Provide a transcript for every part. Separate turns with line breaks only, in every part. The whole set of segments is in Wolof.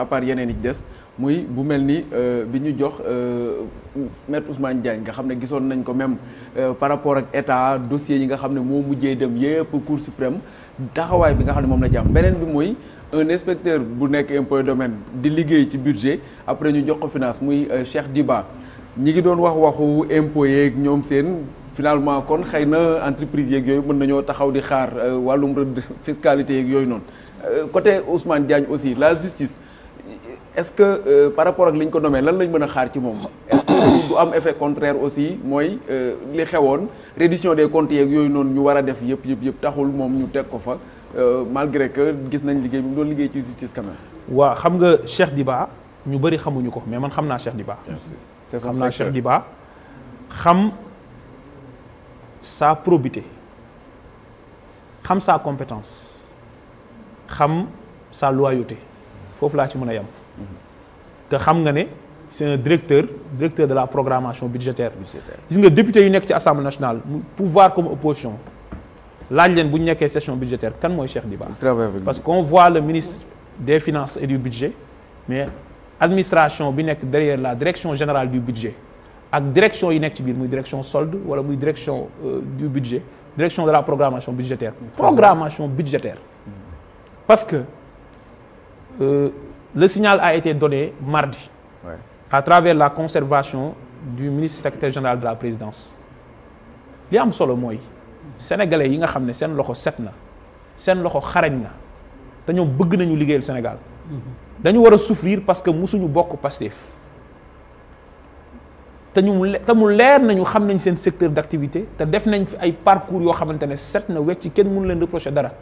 à part yeneen yi des muy bu mel ni euh, bi ñu jox euh, maître Ousmane Diagne nga xam ne gisoon nañ ko même euh, par rapport ak état dossier yi nga xam ne moo mujjee dem yépp cour suprême taxawaay bi nga xam ne moom la ci beneen bi mooy un inspecteur bu nekk impôt domaine di liggéey ci budget après ñu jox ko finance muy Cheikh Diba ñi ngi doon wax waxu impôt yeeg ñoom seen finalement kon xëy na entreprise yeeg yooyu mën nañoo taxaw di xaar wàllum rëdd fiscalité yeeg yooyu noonu côté Ousmane Diagne aussi la justice est-ce que euh, par rapport ak li ñu ko nommé lan lañ mën a xaar ci moom est-ce que du am effet contraire aussi mooy euh, li xewoon reddition des comptes yeeg yooyu noonu ñu war a def yëpp yëpp yëpp taxul moom ñu teg ko fa euh, malgré que gis nañ liggéey bi mu doon liggéey ci justice quand même. waaw xam nga di baa ñu bëri xamuñu ko mais man xam naa Cheikh Diba. c'est xam naa Cheikh Diba xam sa probité xam saa compétence xam sa loyauté foofu laa ci mën a yem. te xam nga ne c'est un directeur directeur de la programmation budgétaire gis nga député yu nekk ci assemblée nationale pouvoir comme opposition laaj leen bu ñu nekkee session budgétaire kan mooy Cheikh Diba parce qu'on voit le ministre des finances et du budget mais administration bi nekk derrière la direction générale du budget ak direction yi nekk ci biir muy direction sold wala muy direction euh, du budget direction de la programmation budgétaire programmation budgétaire parce que euh, le signal a été donné mardi ouais. à travers la conservation du ministre secrétaire général de la présidence li am solo mooy sénégalais yi nga xam ne seen loxo set na seen loxo xarañ na te ñoom bëgg nañu liggéeyal Sénégal mm-hmm. dañu war a souffrir parce que musuñu bokk Pastef te ñu te mu leer nañu xam nañ seen secteur d'activité te def nañ fi ay parcours yoo xamante ne set na wecc kenn mënu leen reprocher dara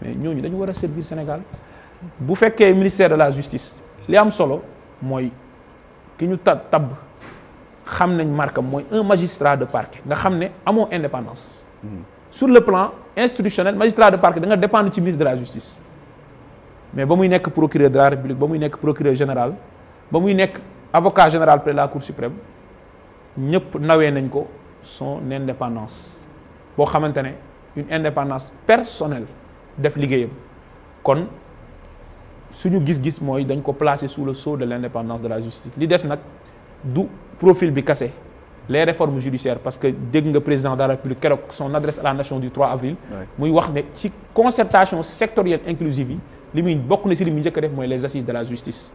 mais ñooñu dañu war a servir Sénégal bu fekkee ministère de la justice li am solo mooy ki ñu ta tabb xam nañ markam mooy un magistrat de parquet nga xam ne amoo indépendance hmm. sur le plan institutionnel magistrat de parquet da nga dépendre ci ministre de la justice mais ba muy nekk procureur de la république ba muy nekk procureur général ba muy nekk avocat général près la cour suprême ñëpp nawee nañ ko son indépendance boo xamante ne une indépendance personnelle def liggéeyam kon suñu gis-gis mooy dañ ko placer sous le sceau de l'indépendance de la justice li des nag du profil bi kase les réformes judiciaires parce que dégg nga président de la République keroog son adresse à la nation du 3 avril muy wax ne ci concertation sectorielle inclusive yi li muy bokk na si li muy njëkk def mooy les assises de la justice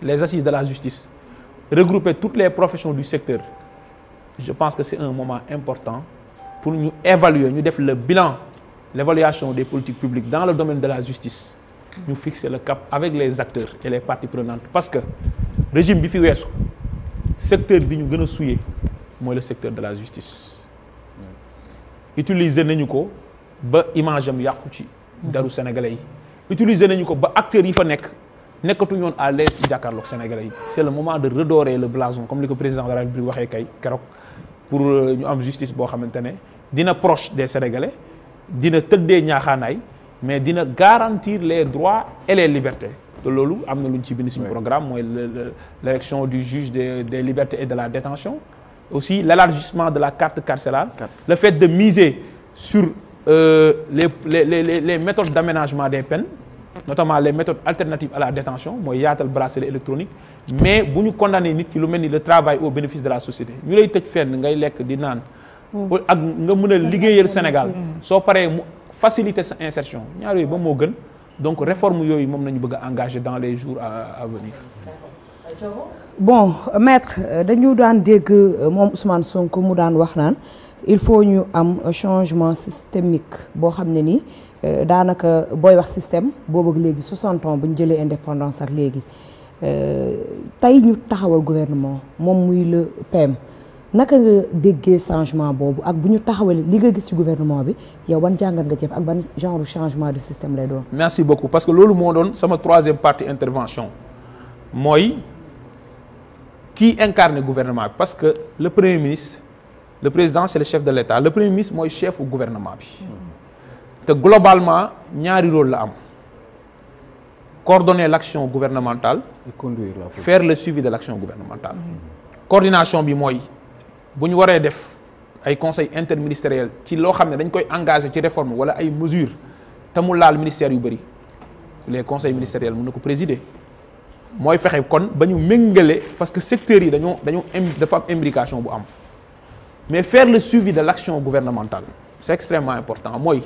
les assises de la justice regroupe toutes les professions du secteur je pense que c'est un moment important pour ñu évaluer ñu def le bilan l'évaluation des politiques publiques dans le domaine de la justice ñu fixer le cap avec les acteurs et les parties prenantes parce que régime bi fi weesu secteur bi ñu gën a souillé mooy le secteur de la justice utiliser nañu ko ba image yàqu ci daru sénégalais yi utiliser nañu ko ba acteurs yi fa nekk nekkatuñu ñoon à l'aise ci jàkkaarloog sénégalais yi c'est le moment de redorer le blason comme li ko président de la république waxee kay keroog pour euh, ñu am justice boo xamante ne dina proche des sénégalais dina tëddee ñaaxaanaay mais dina garantir les droits et les libertés te loolu am na lu ñu ci bind suñu programme mooy l'élection du juge de des libertés et de la détention aussi l'élargissement de la carte carcérale le fait de miser sur euh, le les, les les les méthodes d'aménagement des pen notamment les méthodes alternatives à la détention mooy yaatal bracelet électronique mais bu ñu condamné nit ki lu mel ni le travail au bénéfice de la société ñu lay tëj fenn ngay lekk di naan mm. ak nga mën a liggéeyal Sénégal soo facilité sa insertion ñaar yooyu ba moo gën donc réforme yooyu moom nañu bëgg engagé engager dans les jours à à venir. bon maître dañu daan dégg euh, moom Ousmane Sonko mu daan wax naan il faut ñu am changement systémique boo xam ne nii euh, daanaka booy wax système boobu ak léegi 60 ans bu ñu jëlee indépendance ak léegi euh, tey ñu taxawal gouvernement moom muy le PM. naka nga déggee changement boobu ak bu ñu taxawalee li nga gis ci gouvernement bi yow ban jàngat nga ci ak ban genre changement de système lay doon. merci beaucoup parce que loolu moo doon sama troisième partie intervention mooy kii incarne gouvernement bi parce que le premier ministre le président c'est le chef de l'État le premier ministre mooy chefu gouvernement bi. te globalement ñaari rôle la am. coordonner l'action gouvernementale. et conduire la le suivi de l'action gouvernementale. coordination bi mooy. bu ñu waree def ay conseil interministériel ci loo xam ne dañ koy engagé ci réforme wala ay mesures te mu laal ministère yu bëri les conseil ministériels mun na ko présider mooy fexe kon ba ñu méngale parce que secteurs yi dañoo dañoo dafa am imbrication bu am mais faire le suivi de l'action gouvernementale c'est extrêmement important mooy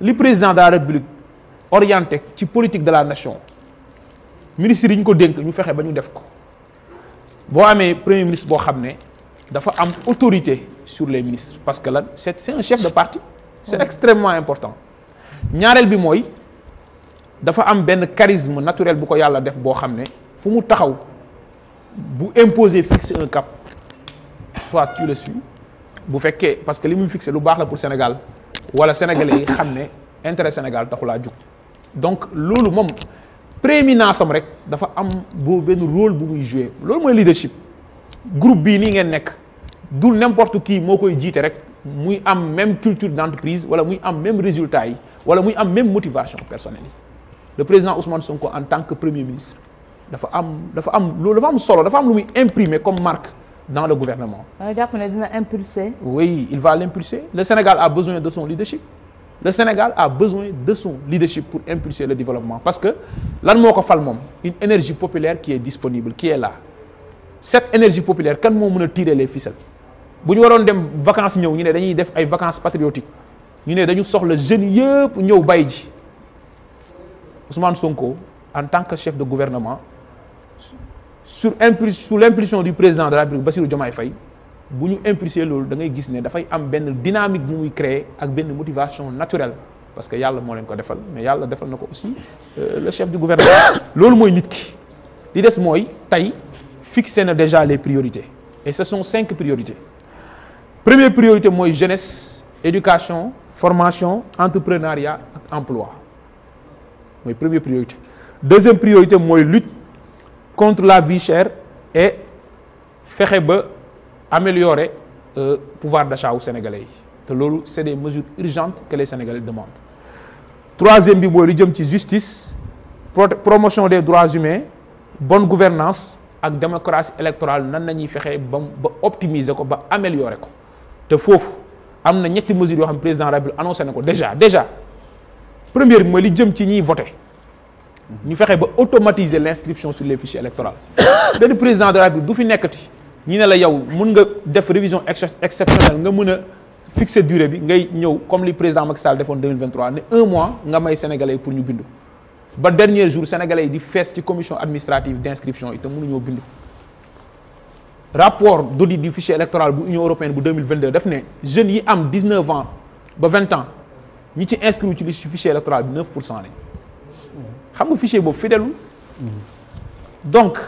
li président de la république orienté ci politique de la nation ministre yi ñu ko dénk ñu fexe ba ñu def ko boo amee premier boo xam ne dafa am autorité sur les ministres parce que la c'est c'est un chef de parti c'est extrêmement important ñaareel bi mooy dafa am benn charisme naturel bu ko yàlla def boo xam ne fu mu taxaw bu imposer fixer un cap soit tu le suis bu fekkee parce que li muy fixe lu baax la pour Sénégal wala sénégalais yi xam ne intérêt Sénégal laa jug donc loolu moom prééminence am rek dafa am boo benn rôle bu muy jouer loolu mooy leadership groupe bii nii ngeen nekk du n'importe qui moo koy jiite rek muy am même culture d'entreprise wala muy am même résultat yi wala muy am même motivation personnelle yi le président Ousmane Sonko en tant que premier ministre dafa am dafa am loolu am solo dafa am lu muy imprimer comme marque dans le gouvernement. jàpp ne dina impulser. oui il va l'impulser le Sénégal a besoin de son leadership le Sénégal a besoin de son leadership pour impulser le développement parce que lan moo ko fal moom une énergie populaire qui disponible qui est là. cette énergie populaire kan moo mën a tirer les ficelles bu ñu waroon dem vacances ñëw ñu ne dañuy def ay vacances patriotiques ñu ne dañu soxla jeunes yëpp ñëw bay ji Ousmane Sonko en tant que chef de gouvernement sur impul sous l'impulsion du président de la République Bassirou Diomaye Faye bu ñu impulsé loolu da ngay gis ne dafay am benn dynamique bu muy créer ak benn motivation naturelle parce que yàlla moo leen ko defal mais yàlla defal na ko aussi euh, le chef du gouvernement loolu mooy nit des mooy tey fixé na déjà les priorités et ce sont cinq priorités première priorité mooy jeunesse éducation formation entrepreneuriat ak emploi mooy première priorité deuxième priorité mooy lutte contre la vie chère et fexe ba améliorer euh, pouvoir d'achat wu sénégalais yi te loolu c'est des mesures urgentes que les sénégalais demandent troisième bi mooy lu jëm ci justice promotion des droits humains bonne gouvernance ak démocratie électorale nan la ñuy fexee ba ba optimiser ko ba améliorer ko te foofu am na ñetti mesures yoo xam président de la République ko déjà déjà première bi mooy li jëm ci ñiy voté ñu fexe ba automatiser l'inscription sur les fichiers électoraux benn président de la du fi nekk ti ñi ne la yow mun nga def révision exceptionnelle nga mën a fixer durée bi ngay ñëw comme li président Macky Sall defoon 2023 ne un mois nga may sénégalais pour ñu bindu. ba dernier jour sénégalais yi di fees ci commission administrative d'inscription itam mënuñoo bindu rapport d'audit du fichier électoral bu union européenne bu 2022 def ne jeunes yi am 19 ans ba 20 ans ñi ci inscrit ci liste fichier électoral bi 9 pour cent xam nga fichier boobu fidelul donc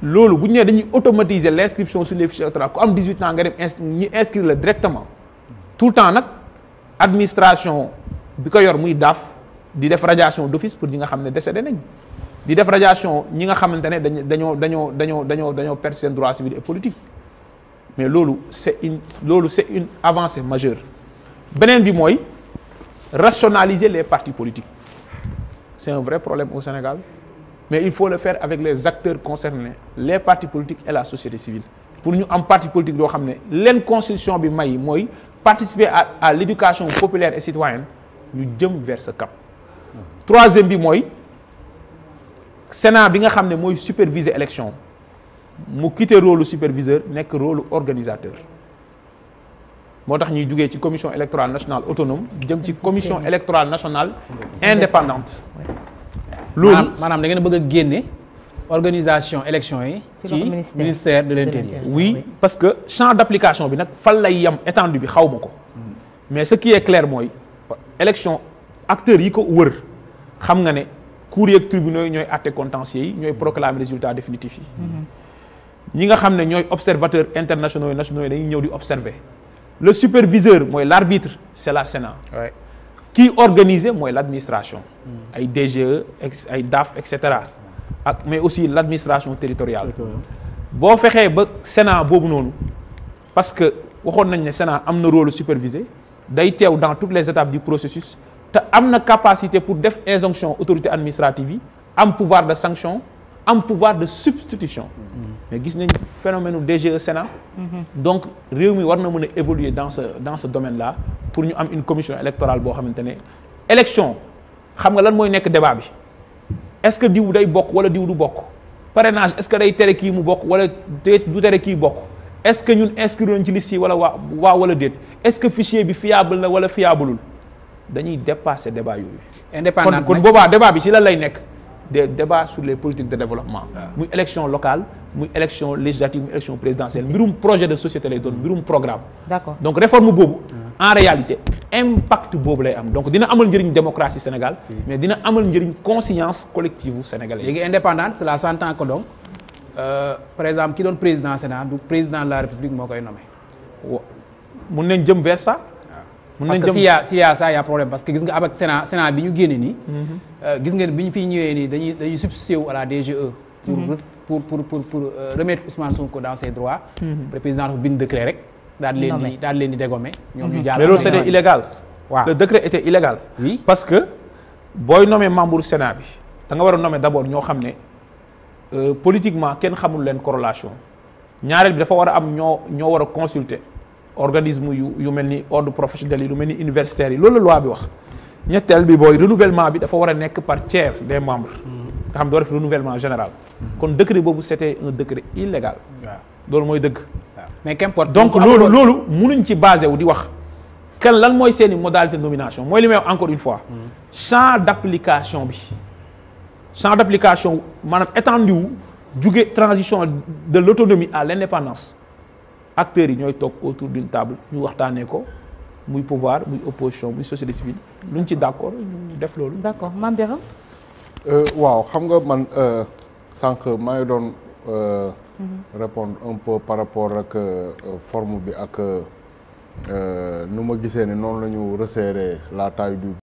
loolu bu ñu nee dañuy automatiser l' inscription sur les fichiers électoraux ku am 18 ans nga dem ins ñu inscrire la directement tout le temps nag administration bi ko yor muy daaf di def radiation d'office pour ñi nga xam ne décédé nañ di def radiation ñi nga xamante ne dañoo dañoo dañoo dañoo dañoo perdre seen droit civil et politique mais loolu c'est une loolu c'est une avancée majeure beneen bi mooy rationaliser les partis politiques c'est un vrai problème au Sénégal mais il faut le fair avec les acteurs concernés les partis politiques et la société civile pour ñu am parti politique doo xam ne leen constitution bi may mooy participer à à l'éducation populaire et citoyenne ñu jëm vers ce troisième bi mooy Sénat bi nga xam ne mooy superviser élection mu quitter rôle superviseur nekk rôle organisateur moo tax ñuy jugee ci commission électorale nationale autonome jëm ci commission électorale national indépendante loolu maanaam dangeen bëgg a génne organisation élection yi ci ministère de l'intérieur oui parce que champ d'application bi nag fan lay yem étendue bi xaw ma ko mm. mais ce qui est clair mooy élection acteur yi ko wër xam nga ne cour yeeg tribunaux yi ñooy àtte contentieux yi ñooy proclamer résultat définitif yi. ñi nga xam ne ñooy observateurs internationaux et nationaux yi dañuy ñëw di observer le superviseur mooy l' arbitre c' est la Sénat. kii organiser mooy la administration. Mm. ay DGE ay DAF et cetera ak mais aussi l' administration territoriale. boo fexee ba Sénat boobu noonu parce que waxoon nañ ne Sénat am na rôle supervisé day teew dans toutes les étapes du processus. te am na capacité pour def injonction autorité administrative yi am pouvoir de sanction am pouvoir de substitution mais gis nañ phénomène DGE Sénat donc réew mi war na mën a évoluer dans ce dans domaine la pour ñu am une commission électorale boo xamante ne élection xam nga lan mooy nekk débat bi est-ce que diw day bokk wala diw du bokk parrainage est-ce que day tere kii mu bokk wala du tere kii bokk est-ce que ñun inscrire nañ ci liste yi wala waa waa wala est-ce que fichier bi fiable na wala fiableul dañuy dépasser débat yooyu. indépendant kon kon boobaa débat bi ci lan lay nekk. des débats sur les politiques de développement. Ah. muy élection locale muy élection législative muy élection présidentielle mbirum projet de société lay doon mbirum programme. d'accord donc réforme boobu.
Hmm. en réalité
impact boobu lay am donc dina amal njëriñ démocratie Sénégal. mais dina amal njëriñ conscience collective bu sénégalais. léegi indépendante cela s'entend que donc euh, par exemple ki doon président Sénat du président de la moo koy nommé. mun nañ jëm vers ça. parce que a s'il y a ça a problème parce gis nga avec Sénat Sénat bi ñu génne nii. Mhm. Euh, gis nga ngeen bi ñu fiy ñëwee nii dañuy dañuy substitué wu à la DGE. Mhm. pour pour pour pour pour euh, remettre Ousmane Sonko dans ses droits. Mhm. le président dafa bind décret rek. daal di leen di daal di leen di dégommer. ñoom ñu jaar mais loolu c'était illégal. parce que booy nomee membre Sénat bi da nga war a nommé d'abord ñoo xam ne euh, politiquement kenn xamul leen corrélation ñaareel bi dafa war a am ñoo ñoo war a consulter. organisme yu yu mel ni ordre professionnel yi lu mel ni universitaires yi loolu la loi bi wax ñetteel bi booy renouvellement bi dafa war a nekk par tiers des membres mm-hmm. nga xam doo def renouvellement général mm-hmm. kon décret boobu c'était un décret illégal loolu mooy dëgg mais qu'importe donc loolu loolu munuñ ci basé wu di wax kan lan mooy seeni modalité de nomination mooy li may wax encore une fois mm-hmm. champ d'application bi champ d'application maanaam étendu wu jóge transition de l'autonomie à l'indépendance acteurs yi ñooy toog autour d'une table ñu waxtaanee ko muy pouvoir muy opposition muy société civile luñ ci d'accord ñu def loolu. d'accord Mame Birame. Euh, waaw xam nga man euh, sànq maa ngi doon euh, répondre un peu par rapport ak forme bi ak nu ma gisee ne noonu la ñu resserrer la taille du.